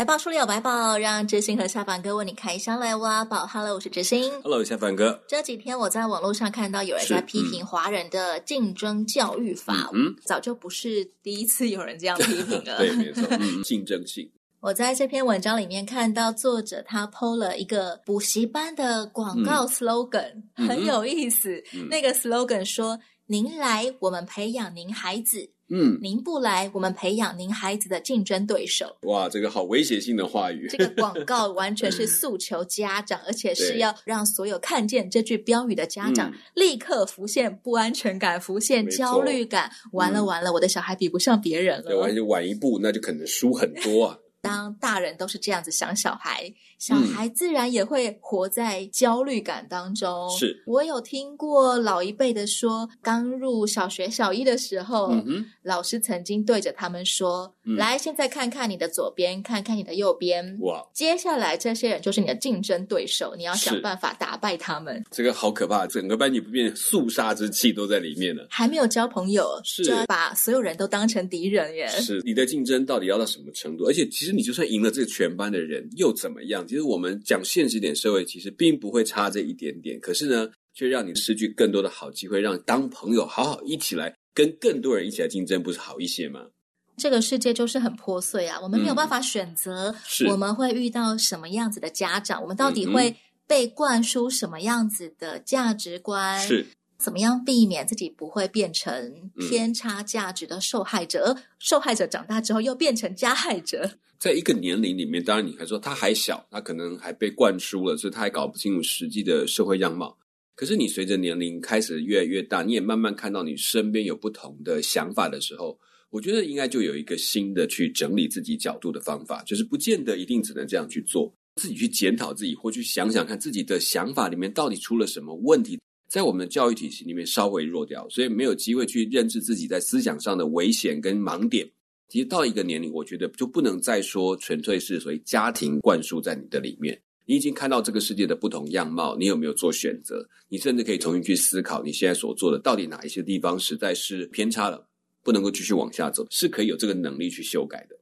百寶書裡有百寶，讓知心和夏凡哥為你開箱來挖寶。Hello，我是知心。Hello，夏凡哥。這幾天我在網絡上看到有人在批評華人的競爭教育法，嗯，早就不是第一次有人這樣批評了。 對，沒錯，嗯、 競爭性。我在這篇文章裡面看到作者他 po 了一個補習班的廣告 slogan，、嗯、很有意思。嗯、那個 slogan 說、嗯：“您來，我們培養您孩子。”嗯，您不來，我們培養您孩子的競爭對手。哇，這個好威脅性的話語。這個廣告完全是訴求家長， 而且是要讓所有看見這句標語的家長立刻浮現不安全感、浮現焦慮感。完了完了，嗯，我的小孩比不上別人了。對，晚晚一步，那就可能輸很多啊。 當大人都是這樣子想小孩，小孩自然也會活在焦慮感當中。嗯、是我有聽過老一輩的說，剛入小學小一的時候，嗯、老師曾經對着他們說、嗯：“來，現在看看你的左邊，看看你的右邊。哇，接下來這些人就是你的競爭對手，你要想辦法打敗他們。”這個好可怕！整個班你不變肅殺之氣都在裡面了。還沒有交朋友，就要把所有人都當成敵人耶？是你的競爭到底要到什麼程度？而且，其實你就算贏了這個全班的人，又怎麼樣？其實我們講現實點，社會其實並不會差這一點點，可是呢，卻讓你失去更多的好機會，讓當朋友好好一起來跟更多人一起來競爭，不是好一些嗎？這個世界就是很破碎啊，我們沒有辦法選擇我們會遇到什麼樣子的家長，嗯、我們到底會被灌輸什麼樣子的價值觀？是怎麼樣避免自己不會變成偏差價值的受害者？而受害者長大之後又變成加害者。在一個年齡裡面，當然你還說他還小，他可能還被灌輸了，所以他還搞不清楚實際的社會樣貌。可是你隨着年齡開始越來越大，你也慢慢看到你身邊有不同的想法的時候，我覺得應該就有一個新的去整理自己角度的方法，就是不見得一定只能這樣去做，自己去檢討自己，或去想想看自己的想法裡面到底出了什麼問題，在我們的教育體系裡面稍微弱掉，所以沒有機會去認知自己在思想上的危險跟盲點。其實到一個年齡，我覺得就不能再說純粹是所謂家庭灌輸在你的裡面。你已經看到這個世界的不同樣貌，你有沒有做選擇？你甚至可以重新去思考你現在所做的，到底哪一些地方實在是偏差了，不能夠繼續往下走，是可以有這個能力去修改的。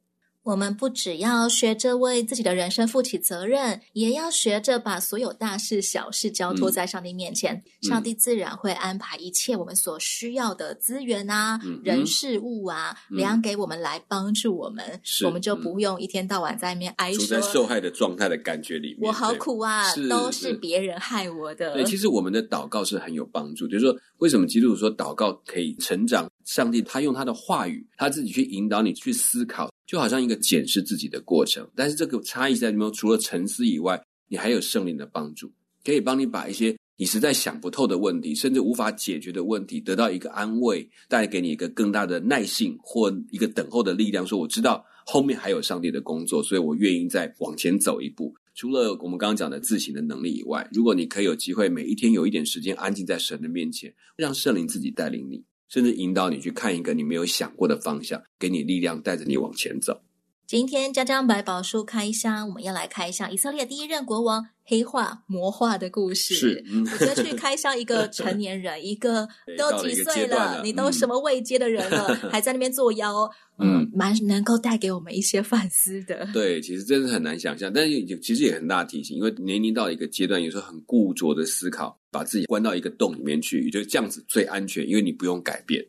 我們不只要學着為自己的人生負起責任，也要學着把所有大事小事交托在上帝面前。嗯嗯、上帝自然會安排一切我們所需要的資源啊、嗯嗯、人事物啊、嗯，量給我們來幫助我們。我們就不用一天到晚在外面哀，處在受害的狀態的感覺裡面。我好苦啊，都是別人害我的。對，其實我們的禱告是很有幫助。就是說，為什麼基督徒說禱告可以成長？上帝他用他的話語，他自己去引導你去思考。就好像一個檢視自己的過程，但是這個差異在裡面，除了沉思以外，你還有聖靈的幫助，可以幫你把一些你實在想不透的問題，甚至無法解決的問題，得到一個安慰，帶給你一個更大的耐性或一個等候的力量。說我知道後面還有上帝的工作，所以我願意再往前走一步。除了我們剛剛講的自省的能力以外，如果你可以有機會每一天有一點時間安靜在神的面前，讓聖靈自己帶領你。甚至引導你去看一個你沒有想過的方向，給你力量帶着你往前走。今天江江百寶書開箱，我們要來開箱以色列第一任國王黑化魔化的故事。是，嗯、我覺得去開箱一個成年人， 一個都幾歲了，了，了，你都什麼位階的人了，嗯、還在那邊作妖，嗯，蠻、嗯、能夠帶給我們一些反思的。對，其實真是很難想象，但是其實也很大提醒，因為年齡到一個階段，有時候很固着的思考，把自己關到一個洞裡面去，就是這樣子最安全，因為你不用改變。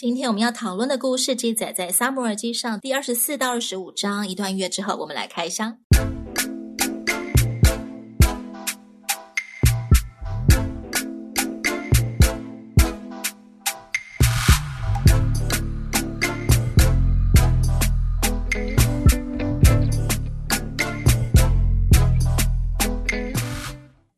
今天我們要討論的故事記載在《撒母耳記》上第二十四到二十五章。一段音樂之後，我們來開箱。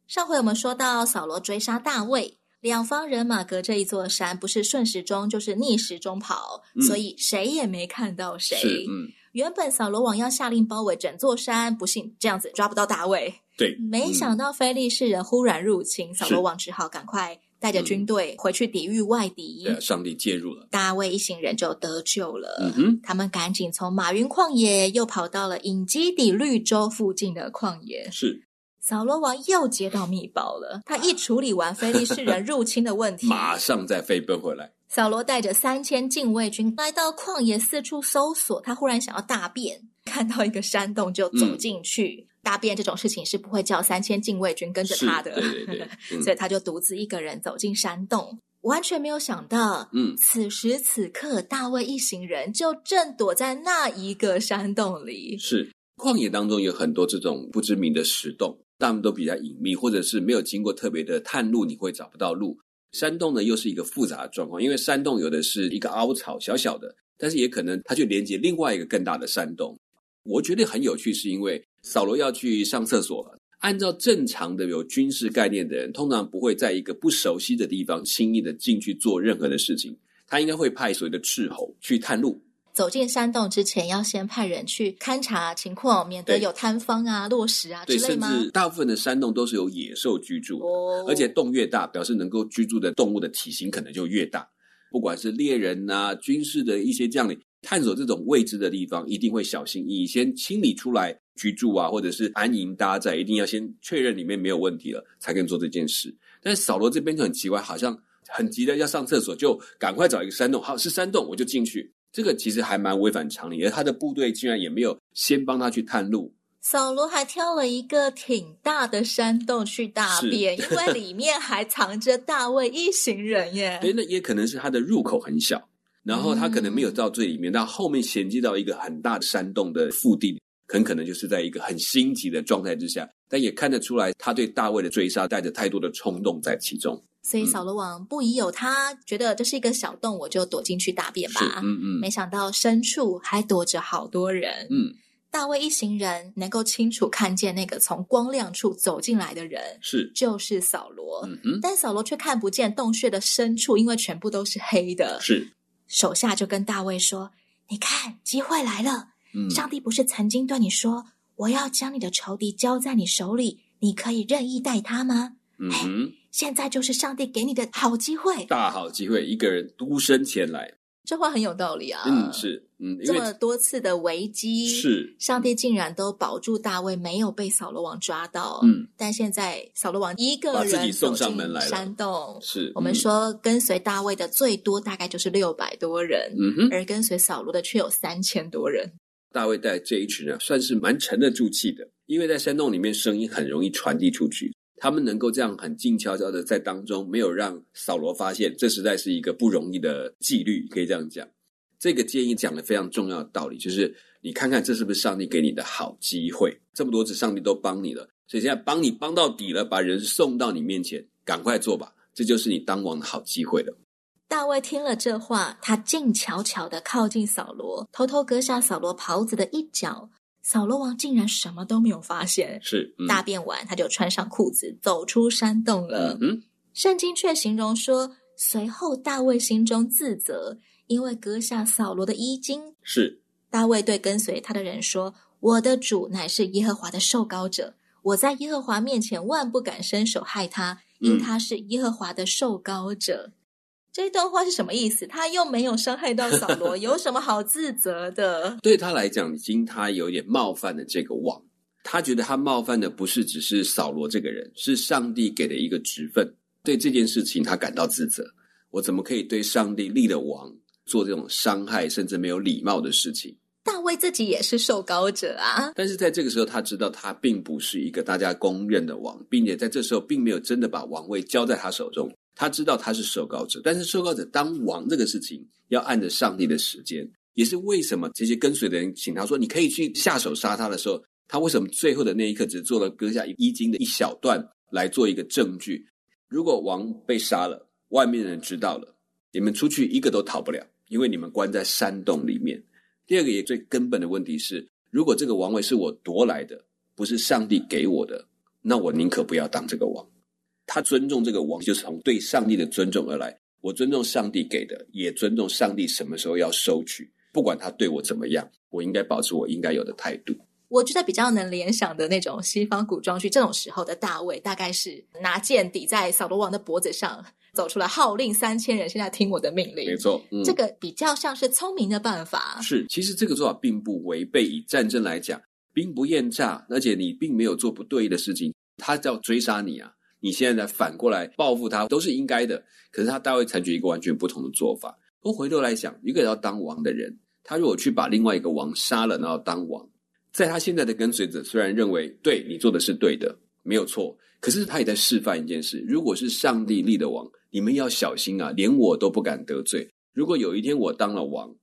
上回我們說到掃羅追殺大衛。兩方人馬隔着一座山，不是順時鐘就是逆時鐘跑，嗯，所以誰也沒看到誰。嗯、原本掃羅王要下令包圍整座山，不信這樣子抓不到大衛。對、嗯。沒想到非利士人忽然入侵，掃羅王只好趕快帶着軍隊回去抵御外敵。嗯啊、上帝介入了，大衛一行人就得救了，嗯。他們趕緊從馬雲曠野又跑到了隱基底綠洲附近的曠野。是。掃羅王又接到密報了，他一處理完非利士人入侵的問題， 馬上再飛奔回來。掃羅帶着三千禁衛軍來到曠野四處搜索，他忽然想要大便，看到一個山洞就走進去。嗯、大便這種事情是不會叫三千禁衛軍跟着他的，對對對嗯， 所以他就獨自一個人走進山洞，完全沒有想到，嗯、此時此刻大衛一行人就正躲在那一個山洞裡。是，曠野當中有很多這種不知名的石洞。大部分都比較隱秘，或者是沒有經過特別的探路，你會找不到路。山洞呢，又是一個複雜的狀況，因為山洞有的是一個凹槽，小小的，但是也可能它卻連接另外一個更大的山洞。我覺得很有趣，是因為掃羅要去上廁所了，按照正常的有軍事概念的人，通常不會在一個不熟悉的地方輕易的進去做任何的事情，他應該會派所謂的斥候去探路。走進山洞之前，要先派人去勘察情況，免得有塌方啊、落石啊之類嗎？對，甚至大部分的山洞都是有野獸居住，oh. 而且洞越大，表示能夠居住的動物的體型可能就越大。不管是獵人啊、軍事的一些將領，探索這種未知的地方，一定會小心翼翼，先清理出來居住啊，或者是安營搭寨，一定要先確認裡面沒有問題了，才可以做這件事。但是掃羅這邊就很奇怪，好像很急的要上廁所，就趕快找一個山洞，好，是山洞，我就進去。這個其實還蠻違反常理，而他的部隊竟然也沒有先幫他去探路。掃羅還挑了一個挺大的山洞去大便， 因為裡面還藏着大衛一行人耶。對，那也可能是他的入口很小，然後他可能沒有到最裡面，那、嗯、後面銜接到一個很大的山洞的腹地，很可能就是在一個很心急的狀態之下，但也看得出來他對大衛的追殺帶着太多的衝動在其中。所以掃羅王不疑有他，嗯，覺得這是一個小洞，我就躲進去大便吧。嗯嗯。沒想到深處還躲着好多人。嗯。大衛一行人能夠清楚看見那個從光亮處走進來的人，是，就是掃羅。嗯嗯。但掃羅卻看不見洞穴的深處，因為全部都是黑的。是。手下就跟大衛說：“你看，機會來了。嗯，上帝不是曾經對你說，我要將你的仇敵交在你手裡，你可以任意待他嗎？”嗯。現在就是上帝給你的好機會，大好機會！一個人獨身前來，這話很有道理啊。嗯，是，嗯，因為這麼多次的危機，是上帝竟然都保住大衛沒有被掃羅王抓到。嗯，但現在掃羅王一個人自己送上門來山洞。是，我們說跟隨大衛的最多大概就是六百多人，嗯哼，而跟隨掃羅的卻有三千多人。大衛帶這一群人，啊，算是蠻沉得住氣的，因為在山洞裡面聲音很容易傳遞出去。嗯他們能夠這樣很靜悄悄的在當中，沒有讓掃羅發現，這實在是一個不容易的紀律，可以這樣講。這個建議講的非常重要的道理，就是你看看這是不是上帝給你的好機會？這麼多次上帝都幫你了，所以現在幫你幫到底了，把人送到你面前，趕快做吧，這就是你當王的好機會了。大衛聽了這話，他靜悄悄的靠近掃羅，偷偷割下掃羅袍子的一角。掃羅王竟然什麼都沒有發現，是、嗯、大便完，他就穿上褲子走出山洞了。嗯，聖經卻形容說，隨後大衛心中自責，因為割下掃羅的衣襟。是。大衛對跟隨他的人說：“我的主乃是耶和華的受膏者，我在耶和華面前萬不敢伸手害他，因他是耶和華的受膏者。”嗯這段話是什麼意思？他又沒有傷害到掃羅， 有什麼好自責的？對他來講，已經他有點冒犯了這個王，他覺得他冒犯的不是只是掃羅這個人，是上帝給的一個職分。對這件事情，他感到自責。我怎麼可以對上帝立的王做這種傷害甚至沒有禮貌的事情？大衛自己也是受膏者啊！但是在這個時候，他知道他並不是一個大家公認的王，並且在這時候並沒有真的把王位交在他手中。他知道他是受膏者，但是受膏者當王這個事情要按着上帝的時間，也是為什麼這些跟隨的人請他說：“你可以去下手殺他的時候，他為什麼最後的那一刻只做了割下衣襟的一小段來做一個證據？如果王被殺了，外面的人知道了，你們出去一個都逃不了，因為你們關在山洞裡面。第二個也最根本的問題是，如果這個王位是我奪來的，不是上帝給我的，那我寧可不要當這個王。”他尊重這個王，就是從對上帝的尊重而來。我尊重上帝給的，也尊重上帝什麼時候要收取，不管他對我怎麼樣，我應該保持我應該有的態度。我覺得比較能聯想的那種西方古裝劇，這種時候的大衛大概是拿劍抵在掃羅王的脖子上走出來，號令三千人，現在聽我的命令。沒錯，嗯，這個比較像是聰明的辦法。是，其實這個做法並不違背，以戰爭來講，兵不厭詐，而且你並沒有做不對的事情。他要追殺你啊！你現在反過來報復他都是應該的，可是他大衛採取一個完全不同的做法。我回頭來想，一個要當王的人，他如果去把另外一個王殺了，然後當王，在他現在的跟隨者雖然認為對你做的是對的，沒有錯，可是他也在示範一件事：如果是上帝立的王，你們要小心啊，連我都不敢得罪。如果有一天我當了王，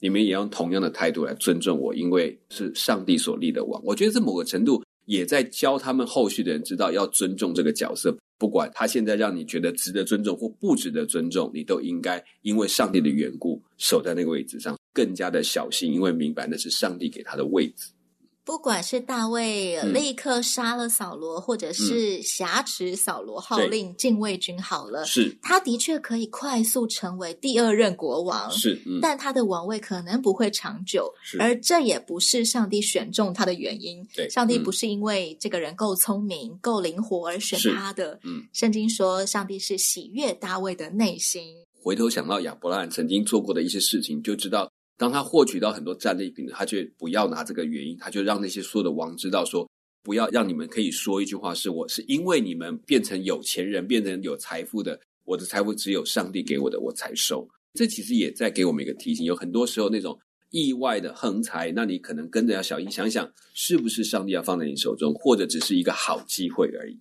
你們也用同樣的態度來尊重我，因為是上帝所立的王。我覺得在某個程度。也在教他們後續的人知道要尊重這個角色，不管他現在讓你覺得值得尊重或不值得尊重，你都應該因為上帝的緣故守在那個位置上，更加的小心，因為明白那是上帝給他的位置。不管是大衛立刻殺了掃羅，嗯，或者是挾持掃羅號令、嗯、禁衛軍好了，是他的確可以快速成為第二任國王，是，嗯、但他的王位可能不會長久，而這也不是上帝選中他的原因，對，上帝不是因為這個人夠聰明、夠靈活而選他的，嗯。聖經說上帝是喜悅大衛的內心，回頭想到亞伯拉罕曾經做過的一些事情，就知道。當他獲取到很多戰利品，他就不要拿這個原因，他就讓那些所有的王知道說，不要讓你們可以說一句話，是我是因為你們變成有錢人，變成有財富的，我的財富只有上帝給我的，我才收。這其實也在給我們一個提醒，有很多時候那種意外的橫財，那你可能跟着要小心，想一想，是不是上帝要放在你手中，或者只是一個好機會而已。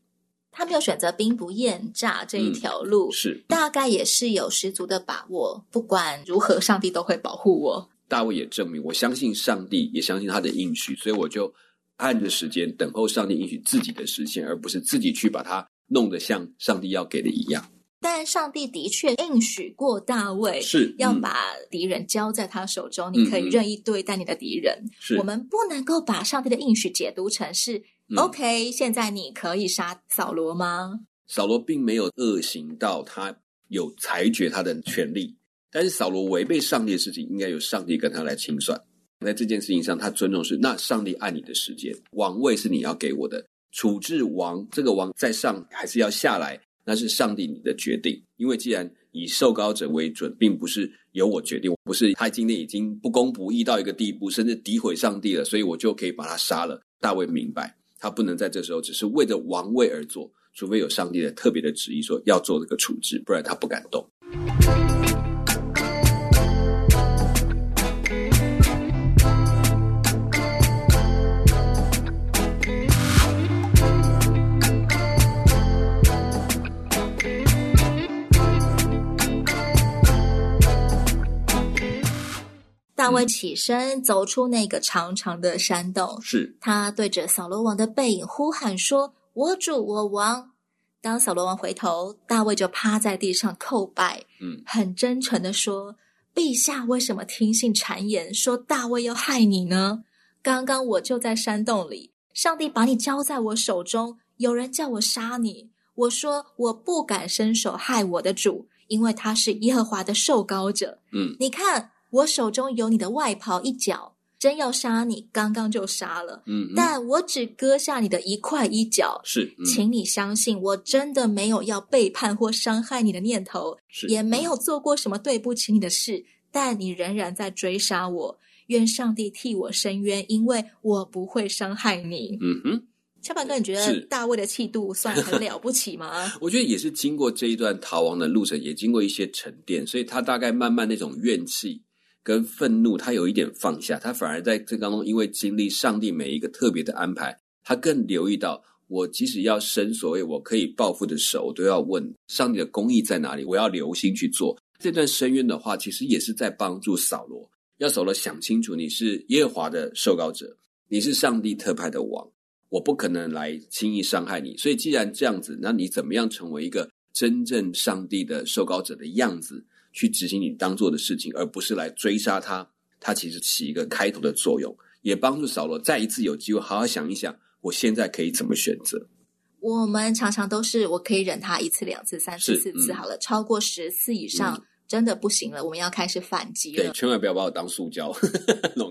他沒有選擇兵不厭詐這一條路，嗯、是、嗯、大概也是有十足的把握。不管如何，上帝都會保護我。大衛也證明，我相信上帝，也相信他的應許，所以我就按着時間等候上帝應許自己的實現，而不是自己去把它弄得像上帝要給的一樣。但上帝的確應許過大衛，是、嗯、要把敵人交在他手中，嗯，你可以任意對待你的敵人。是。我們不能夠把上帝的應許解讀成是。嗯、OK，現在你可以殺掃羅嗎？掃羅並沒有惡行到他有裁決他的權利，但是掃羅違背上帝的事情，應該由上帝跟他來清算。在這件事情上，他尊重是那上帝按你的時間，王位是你要給我的。處置王這個王在上還是要下來，那是上帝你的決定。因為既然以受膏者為準，並不是由我決定，不是他今天已經不公不義到一個地步，甚至詆毀上帝了，所以我就可以把他殺了。大衛明白。他不能在這時候只是為着王位而做，除非有上帝的特別的旨意說要做這個處置，不然他不敢動。大衛起身走出那個長長的山洞，是他對着掃羅王的背影呼喊說：“我主我王。”當掃羅王回頭，大衛就趴在地上叩拜，嗯，很真誠的說：“陛下，為什麼聽信讒言說大衛要害你呢？剛剛我就在山洞裡，上帝把你交在我手中，有人叫我殺你，我說我不敢伸手害我的主，因為他是耶和華的受膏者。嗯，你看。”我手中有你的外袍一角，真要殺你，剛剛就殺了嗯。嗯，但我只割下你的一塊一角。是、嗯，請你相信，我真的沒有要背叛或傷害你的念頭，是，也沒有做過什麼對不起你的事。嗯、但你仍然在追殺我，願上帝替我伸冤，因為我不會傷害你。嗯哼，小、嗯、板哥，你覺得大衛的氣度算很了不起嗎？ 我覺得也是，經過這一段逃亡的路程，也經過一些沉澱，所以他大概慢慢那種怨氣。跟憤怒，他有一點放下，他反而在這當中，因為經歷上帝每一個特別的安排，他更留意到，我即使要伸所謂我可以報復的手，我都要問上帝的公義在哪裡。我要留心去做這段深淵的話，其實也是在幫助掃羅，要掃羅想清楚，你是耶和華的受膏者，你是上帝特派的王，我不可能來輕易傷害你。所以既然這樣子，那你怎麼樣成為一個真正上帝的受膏者的樣子？去執行你當做的事情，而不是來追殺他。他其實起一個開頭的作用，也幫助掃羅再一次有機會好好想一想，我現在可以怎麼選擇。我們常常都是，我可以忍他一次、兩次、三次四次好了、嗯，超過十次以上、嗯，真的不行了，我們要開始反擊了。對，千萬不要把我當塑膠。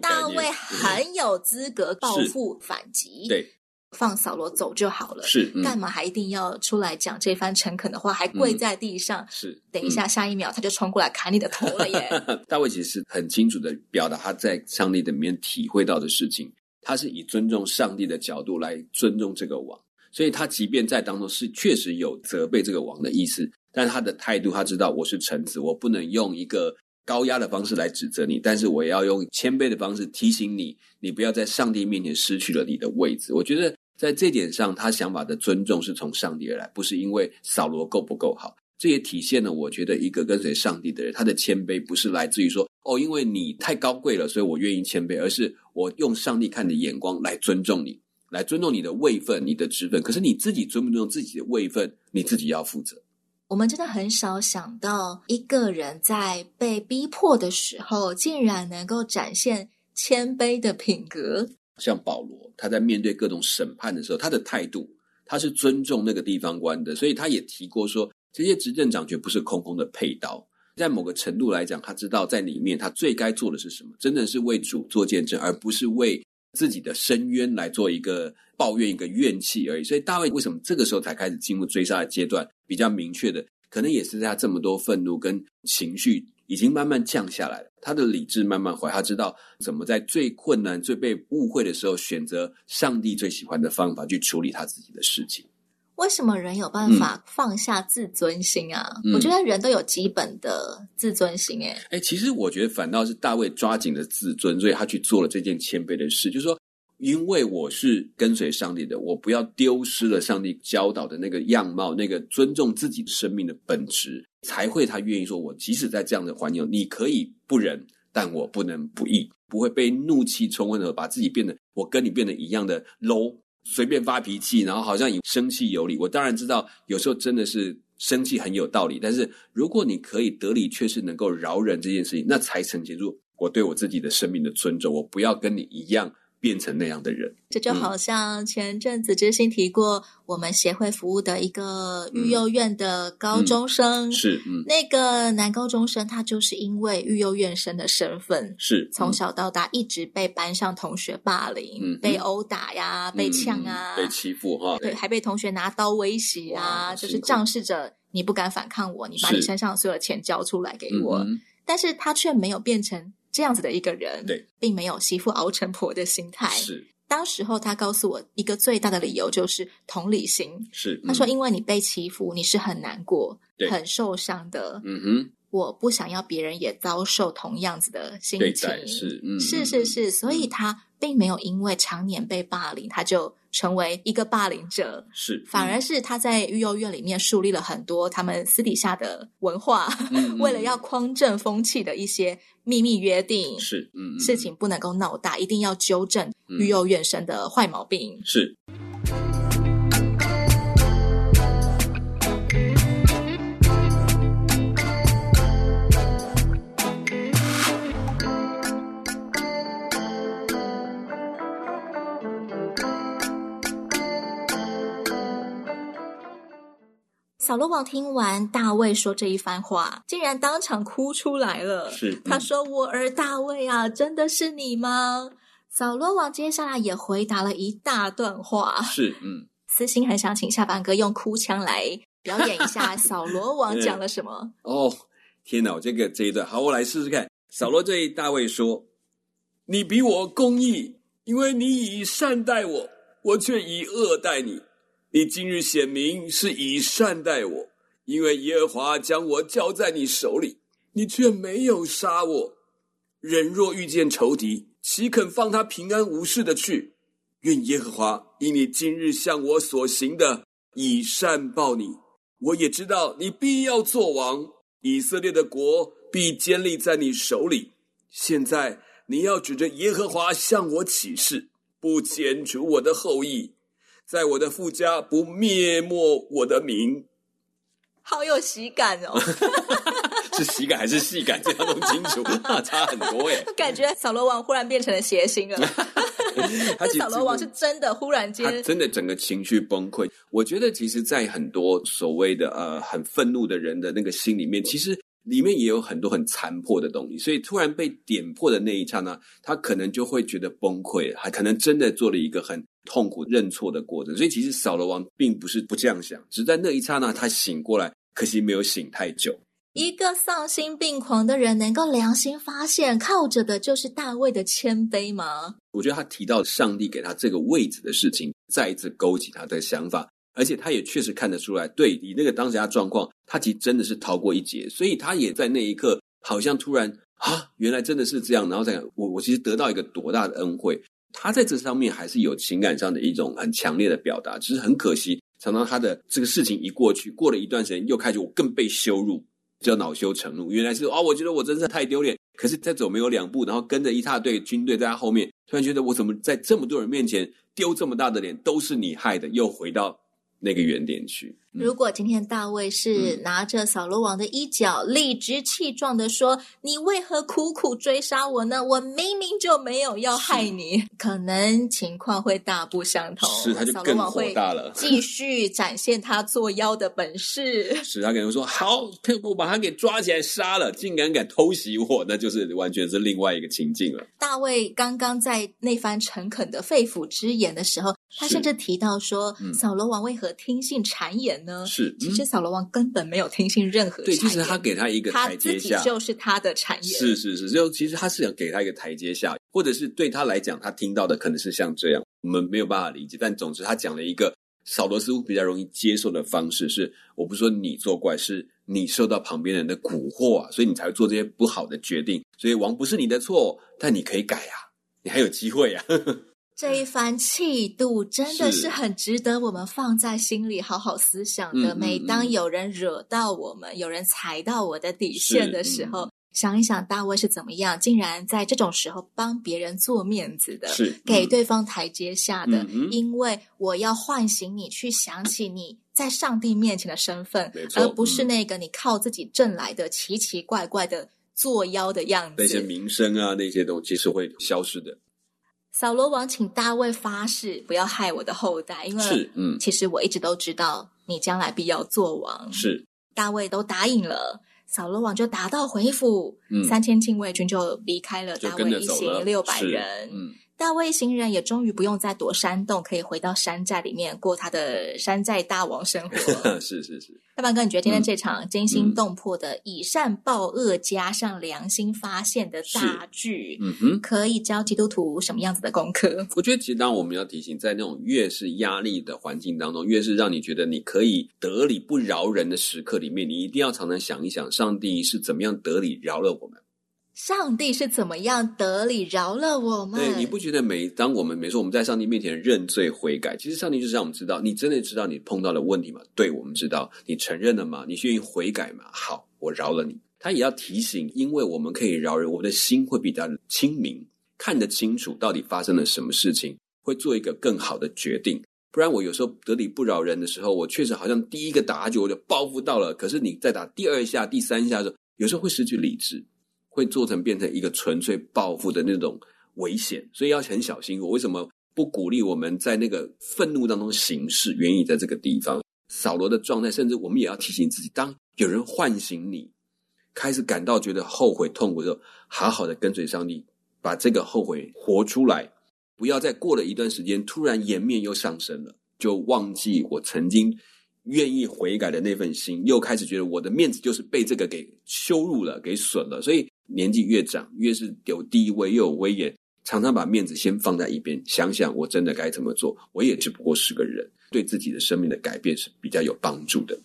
大衛很有資格報復反擊。對。放掃羅走就好了，是、嗯、幹嘛還一定要出來講這番誠懇的話，還跪在地上？嗯、是、嗯、等一下，下一秒他就衝過來砍你的頭了耶！大 衛 其實很清楚的表達他在上帝裡面體會到的事情，他是以尊重上帝的角度來尊重這個王，所以他即便在當中是確實有責備這個王的意思，但是他的態度他知道我是臣子，我不能用一個高壓的方式來指責你，但是我要用謙卑的方式提醒你，你不要在上帝面前失去了你的位置。我覺得。在這點上，他想法的尊重是從上帝而來，不是因為掃羅夠不夠好。這也體現了，我覺得一個跟隨上帝的人，他的謙卑不是來自於說，哦，因為你太高貴了，所以我願意謙卑，而是我用上帝看你的眼光來尊重你，來尊重你的位分、你的職分。可是你自己尊不尊重自己的位分，你自己要負責。我們真的很少想到，一個人在被逼迫的時候，竟然能夠展現謙卑的品格。像保羅，他在面對各種審判的時候，他的態度，他是尊重那個地方官的，所以他也提過說，這些執政長絕不是空空的佩刀，在某個程度來講，他知道在裡面他最該做的是什麼，真的是為主做見證，而不是為自己的伸冤來做一個抱怨一個怨氣而已。所以大衛為什麼這個時候才開始進入追殺的階段，比較明確的，可能也是在他這麼多憤怒跟情緒。已經慢慢降下來了，他的理智慢慢回，他知道怎麼在最困難、最被誤會的時候，選擇上帝最喜歡的方法去處理他自己的事情。為什麼人有辦法放下自尊心啊？嗯、我覺得人都有基本的自尊心，哎、嗯、哎、欸，其實我覺得反倒是大衛抓緊了自尊，所以他去做了這件謙卑的事，就是說。因為我是跟隨上帝的，我不要丟失了上帝教導的那個樣貌，那個尊重自己生命的本質，才會他願意說，我即使在這樣的環境，你可以不仁，但我不能不義，不會被怒氣沖昏的把自己變得我跟你變得一樣的 low，隨便發脾氣，然後好像以生氣有理。我當然知道有時候真的是生氣很有道理，但是如果你可以得理，卻是能夠饒人這件事情，那才成就我對我自己的生命的尊重。我不要跟你一樣。變成那樣的人，這就好像前陣子之心提過，我們協會服務的一個育幼院的高中生，嗯嗯、是、嗯，那個男高中生，他就是因為育幼院生的身份，是、嗯、從小到大一直被班上同學霸凌，嗯、被毆打呀，嗯、被毆打呀、嗯、被嗆啊、嗯，被欺負哈，對，還被同學拿刀威脅啊，就是仗勢着你不敢反抗我，你把你身上所有的錢交出來給我、嗯，但是他卻沒有變成。這樣子的一個人，對，並沒有媳婦熬成婆的心態。是，當時候他告訴我一個最大的理由，就是同理心。是，嗯、他說因為你被欺負，你是很難過、對很受傷的。嗯嗯。我不想要別人也遭受同樣子的心情。是，是，嗯嗯是，是，是，所以他並沒有因為常年被霸凌，他就。成為一個霸凌者是、嗯，反而是他在育幼院裡面樹立了很多他們私底下的文化，嗯嗯、 為了要匡正風氣的一些秘密約定是，嗯，事情不能夠鬧大，嗯，一定要糾正育幼院生的壞毛病是。掃羅王聽完大衛說這一番話，竟然當場哭出來了。是、嗯，他說：“我兒大衛啊，真的是你嗎？”掃羅王接下來也回答了一大段話。是，嗯，私心很想請下班哥用哭腔來表演一下掃羅王講了什麼。 嗯、哦，天哪！這個這一段，好，我來試試看。掃羅這一大衛說、嗯：“你比我公義，因為你以善待我，我卻以惡待你。”你今日顯明是以善待我，因為耶和華將我交在你手裡，你卻沒有殺我。人若遇見仇敵，豈肯放他平安無事的去？願耶和華以你今日向我所行的以善報你。我也知道你必要做王，以色列的國必堅立在你手裡。現在你要指着耶和華向我起誓，不剪除我的後裔。在我的父家不滅沒我的名，好有喜感哦！ 是喜感還是戲感？這樣弄清楚， 差很多耶。 感覺掃羅王忽然變成了諧星了。這掃羅王是真的忽然間，真的整個情緒崩潰。 我覺得，其實，在很多所謂的呃很憤怒的人的那個心裡面，其實。裡面也有很多很殘破的東西，所以突然被點破的那一剎那，他可能就會覺得崩潰，還可能真的做了一個很痛苦認錯的過程。所以其實掃羅王並不是不這樣想，只在那一剎那他醒過來，可惜沒有醒太久。一個喪心病狂的人能夠良心發現，靠着的就是大衛的謙卑嗎？我覺得他提到上帝給他這個位置的事情，再一次勾起他的想法。而且他也確實看得出來，對你那個當時他的狀況，他其實真的是逃過一劫。所以他也在那一刻，好像突然啊，原來真的是這樣。然後再講我，我其實得到一個多大的恩惠。他在這上面還是有情感上的一種很強烈的表達。只是很可惜，常常他的這個事情一過去，過了一段時間又開始，我更被羞辱，就惱羞成怒。原來是啊、哦，我覺得我真是太丟臉。可是再走沒有兩步，然後跟着一大隊軍隊在他後面，突然覺得我怎麼在這麼多人面前丟這麼大的臉，都是你害的，又回到。那個原點去。嗯、如果今天大衛是拿着掃羅王的衣角，理直氣壯的說、嗯：“你為何苦苦追殺我呢？我明明就沒有要害你，可能情況會大不相同。”是，他就更火大了，繼續展現他作妖的本事。是他可能說：“好，我把他給抓起來殺了，竟然敢，敢偷襲我，那就是完全是另外一個情境了。”大衛剛剛在那番誠懇的肺腑之言的時候。他甚至提到說、嗯：“掃羅王為何聽信讒言呢？”是、嗯，其實掃羅王根本沒有聽信任何。對，其實他給他一個台階下。他自己就是他的讒言。是是是，就其實他是想給他一個台階下，或者是對他來講，他聽到的可能是像這樣，我們沒有辦法理解。但總之，他講了一個掃羅似乎比較容易接受的方式是：我不是說你作怪，是你受到旁邊人的蠱惑啊，所以你才會做這些不好的決定。所以王不是你的錯，但你可以改呀、啊，你還有機會啊。呵呵這一番氣度真的是很值得我們放在心裡好好思想的、嗯嗯嗯。每當有人惹到我們，嗯嗯、有人踩到我的底線的時候，嗯、想一想大衛是怎麼樣，竟然在這種時候幫別人做面子的，是嗯、給對方台階下的、嗯嗯嗯。因為我要喚醒你去想起你在上帝面前的身份，而不是那個你靠自己掙來的奇奇怪怪的作妖的樣子。嗯嗯嗯、那些名聲啊，那些東西是會消失的。掃羅王請大衛發誓，不要害我的後代，因為其實我一直都知道你將來必要做王。是、嗯，大衛都答應了，掃羅王就打道回府，嗯、三千禁衛軍就離開了大衛一行六百人。大衛一行人也終於不用再躲山洞，可以回到山寨裡面過他的山寨大王生活。 是是是，大凡哥，你覺得今天這場驚心動魄的以善報惡加上良心發現的大劇、 嗯哼，可以教基督徒什麼樣子的功課？我覺得，其實當我們要提醒，在那種越是壓力的環境當中，越是讓你覺得你可以得理不饒人的時刻裡面，你一定要常常想一想，上帝是怎麼樣得理饒了我們。上帝是怎麼樣得理饒了我們？對，你不覺得每當我們，沒錯，我們在上帝面前認罪悔改，其實上帝就是讓我們知道，你真的知道你碰到的問題嗎？對，我們知道，你承認了嗎？你願意悔改嗎？好，我饒了你。他也要提醒，因為我們可以饒人，我們的心會比較清明，看得清楚到底發生了什麼事情，會做一個更好的決定。不然，我有時候得理不饒人的時候，我確實好像第一個打就我就報復到了。可是你再打第二下、第三下的時候，有時候會失去理智。會做成變成一個純粹報復的那種危險，所以要很小心。我為什麼不鼓勵我們在那個憤怒當中行事？原因在這個地方，掃羅的狀態，甚至我們也要提醒自己：當有人喚醒你，開始感到覺得後悔痛苦的時候，好好的跟隨上帝，把這個後悔活出來，不要再過了一段時間，突然顏面又上升了，就忘記我曾經。願意悔改的那份心，又開始覺得我的面子就是被這個給羞辱了，給損了。所以年紀越長，越是有地位，又有威嚴，常常把面子先放在一邊。想想我真的該怎麼做？我也只不過是個人，對自己的生命的改變是比較有幫助的。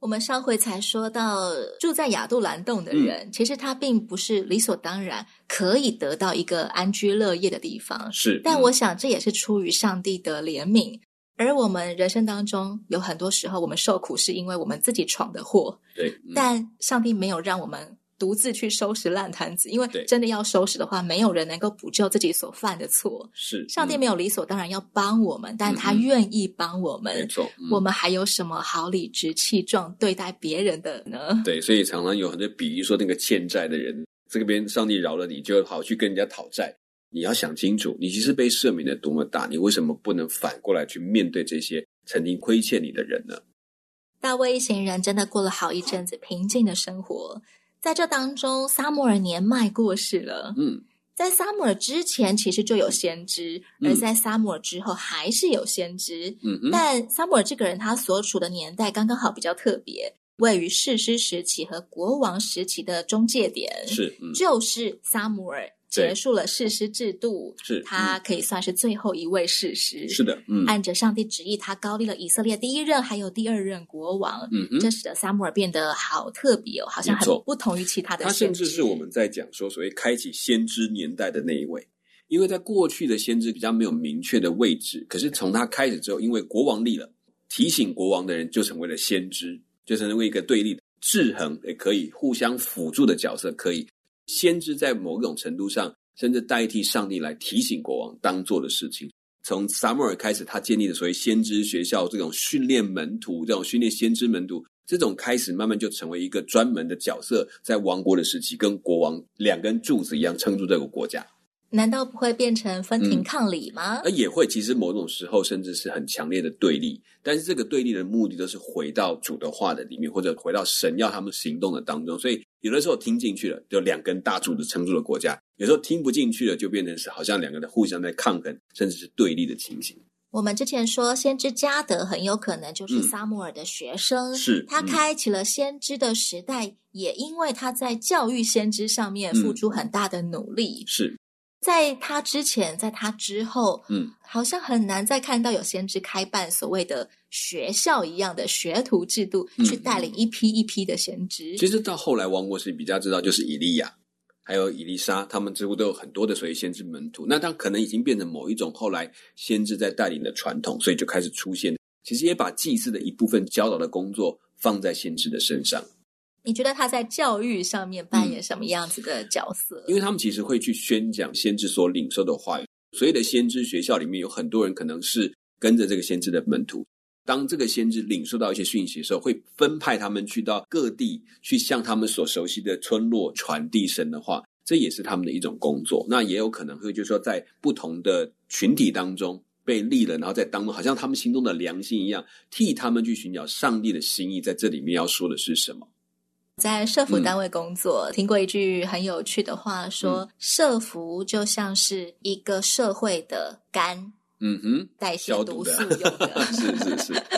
我們上回才說到，住在亞杜蘭洞的人，嗯，其實他並不是理所當然可以得到一個安居樂業的地方。是，但我想這也是出於上帝的憐憫。而我們人生當中有很多時候，我們受苦是因為我們自己闖的禍。對、嗯。但上帝沒有讓我們獨自去收拾爛攤子，因為真的要收拾的話，沒有人能夠補救自己所犯的錯。是、嗯。上帝沒有理所當然要幫我們，但他願意幫我們。嗯、沒錯、嗯。我們還有什麼好理直氣壯對待別人的呢？對，所以常常有很多比喻說，那個欠債的人，這邊上帝饒了你，就好去跟人家討債。你要想清楚，你其實被赦免的多麼大，你為什麼不能反過來去面對這些曾經虧欠你的人呢？大衛一行人真的過了好一陣子平靜的生活，在這當中，撒母耳年邁過世了。嗯，在撒母耳之前，其實就有先知；嗯、而在撒母耳之後，還是有先知。嗯，但撒母耳這個人，他所處的年代剛剛好比較特別，位於士師時期和國王時期的中介點。是、嗯，就是撒母耳結束了士師制度，是、嗯、他可以算是最後一位士師。是的，嗯，按着上帝旨意，他高立了以色列第一任還有第二任國王，嗯，嗯，這使得撒母耳變得好特別哦，好像很不同於其他的。他甚至是我們在講說所謂開啟先知年代的那一位，因為在過去的先知比較沒有明確的位置，可是從他開始之後，因為國王立了，提醒國王的人就成為了先知，就成為一個對立的、制衡，也可以互相輔助的角色，可以。先知在某種程度上，甚至代替上帝來提醒國王當做的事情。從撒母耳開始，他建立的所謂先知學校，這種訓練門徒，這種訓練先知門徒，這種開始慢慢就成為一個專門的角色，在王國的時期，跟國王兩根柱子一樣撐住這個國家。難道不會變成分庭抗禮嗎？呃、嗯，而也會。其實某種時候，甚至是很強烈的對立。但是這個對立的目的都是回到主的話的裡面，或者回到神要他們行動的當中。所以有的時候聽進去了，就兩根大柱子撐住了國家；有時候聽不進去了，就變成是好像兩個人互相在抗衡，甚至是對立的情形。我們之前說，先知加德很有可能就是撒母耳的學生，嗯、是他開啟了先知的時代、嗯，也因為他在教育先知上面付出很大的努力。嗯、是。在他之前，在他之後，嗯，好像很難再看到有先知開辦所謂的學校一樣的學徒制度，去帶領一批一批的先知，嗯嗯嗯。其實到後來王國是比較知道，就是以利亞，還有以利沙，他們幾乎都有很多的所謂先知門徒。那他可能已經變成某一種後來先知在帶領的傳統，所以就開始出現。其實也把祭祀的一部分教導的工作放在先知的身上。你覺得他在教育上面扮演什麼樣子的角色？因為他們其實會去宣講先知所領受的話語，所以的先知學校裡面有很多人可能是跟着這個先知的門徒。當這個先知領受到一些訊息的時候，會分派他們去到各地去向他們所熟悉的村落傳遞神的話，這也是他們的一種工作。那也有可能會就是說，在不同的群體當中被立了，然後在當中好像他們心中的良心一樣，替他們去尋找上帝的心意，在這裡面要說的是什麼。在社福單位工作、嗯，聽過一句很有趣的話說，說、嗯、社福就像是一個社會的肝，嗯哼、嗯，代謝毒素用的。的 是是是。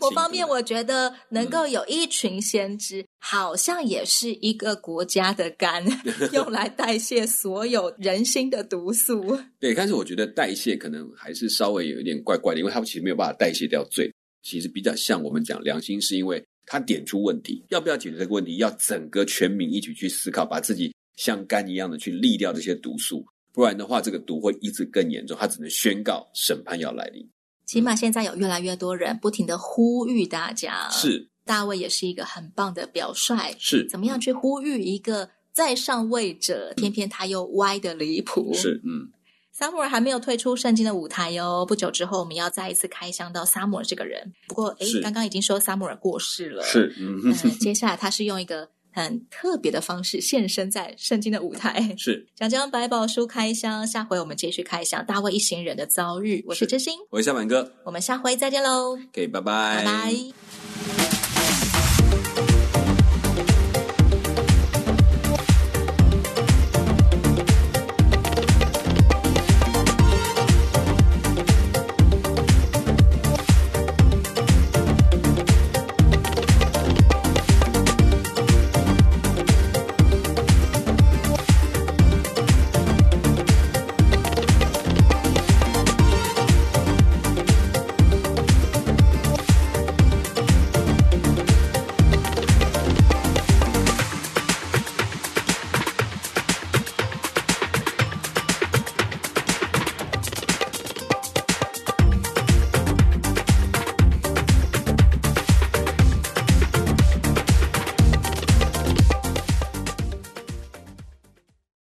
我方面，我覺得能夠有一群先知、嗯，好像也是一個國家的肝， 用來代謝所有人心的毒素。對，但是我覺得代謝可能還是稍微有一點怪怪的，因為他們其實沒有辦法代謝掉罪，其實比較像我們講良心，是因為。他點出問題，要不要解決這個問題？要整個全民一起去思考，把自己像肝一樣的去濾掉這些毒素，不然的話，這個毒會一直更嚴重。他只能宣告審判要來臨。起碼現在有越來越多人不停的呼籲大家。是，大衛也是一個很棒的表率。是，怎麼樣去呼籲一個在上位者，偏偏他又歪得離譜。是，嗯。撒母耳還沒有退出聖經的舞台喲、哦，不久之後我們要再一次開箱到撒母耳這個人。不過，哎，剛剛已經說撒母耳過世了。是，嗯呵呵嗯。接下來他是用一個很特別的方式現身在聖經的舞台，是。講講《百寶書》開箱，下回我們繼續開箱大衛一行人的遭遇。我是，是真心，我是小滿哥，我們下回再見嘍。給、okay，拜拜。拜。